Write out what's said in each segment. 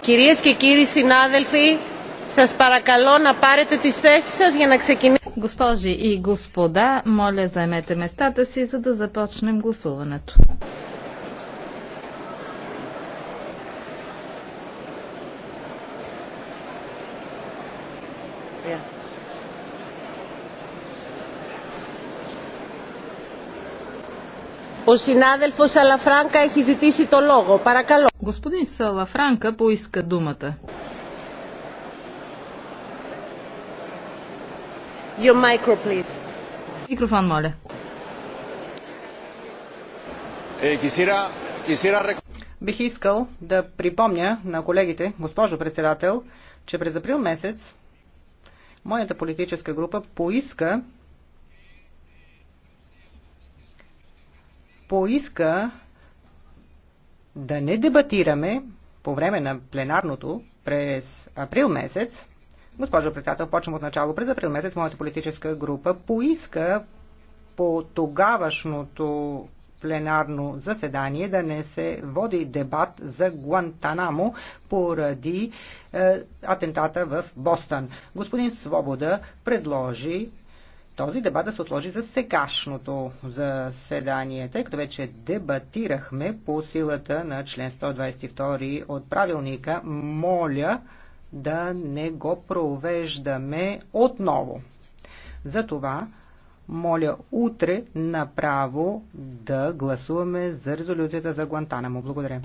Κυρίες και κύριοι συνάδελφοι, σας παρακαλώ να πάρετε τις θέσεις σας για να ξεκινήσουμε. Госпожи и господа, моля заемете местата си, за да започнем гласуването. Yeah. Ο συνάδελφος Σαλαφράγκα έχει ζητήσει το λόγο. Παρακαλώ. Господин Σαλαφράνκα, που поиска думата. Your micro, please. Микрофон, моля. Е, кисира, кисира... Бих искал да припомня на колегите, госпожо председател, че през април месец моята политическа група поиска поиска да не дебатираме по време на пленарното през април месец. Госпожо председател, почвам от начало. През април месец моята политическа група поиска по тогавашното пленарно заседание да не се води дебат за Гуантанамо поради е, атентата в Бостън. Господин Свобода предложи този дебат да се отложи за сегашното заседание, тъй като вече дебатирахме по силата на член 122 от правилника. Моля да не го провеждаме отново. Затова моля утре направо да гласуваме за резолюцията за Гуантанамо. Благодаря.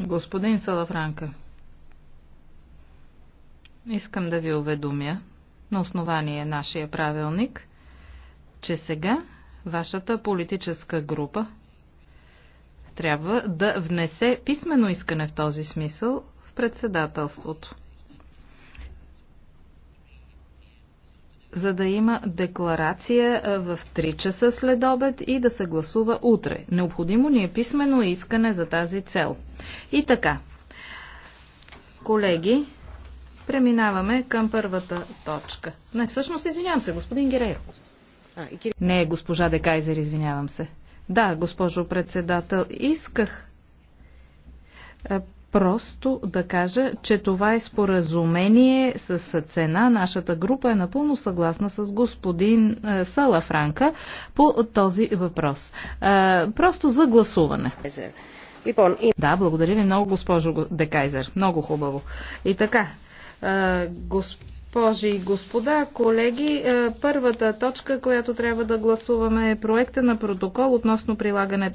Господин Салафранка, Искам да ви уведомя на основание нашия правилник, че сега вашата политическа група трябва да внесе писмено искане в този смисъл в председателството. за да има декларация в 3 часа след обед и да се гласува утре. Необходимо ни е писмено искане за тази цел. И така, колеги, Преминаваме към първата точка. Не, всъщност, извинявам се, господин Герейро. Не, госпожа Декайзер, извинявам се. Да, госпожо председател, исках е, просто да кажа, че това е споразумение с цена. Нашата група е напълно съгласна с господин е, Сала Франка по този въпрос. Е, просто за гласуване. Да, благодаря ви много, госпожо Декайзер. Много хубаво. И така, Госпожи и господа, колеги, първата точка, която трябва да гласуваме е проекта на протокол относно прилагането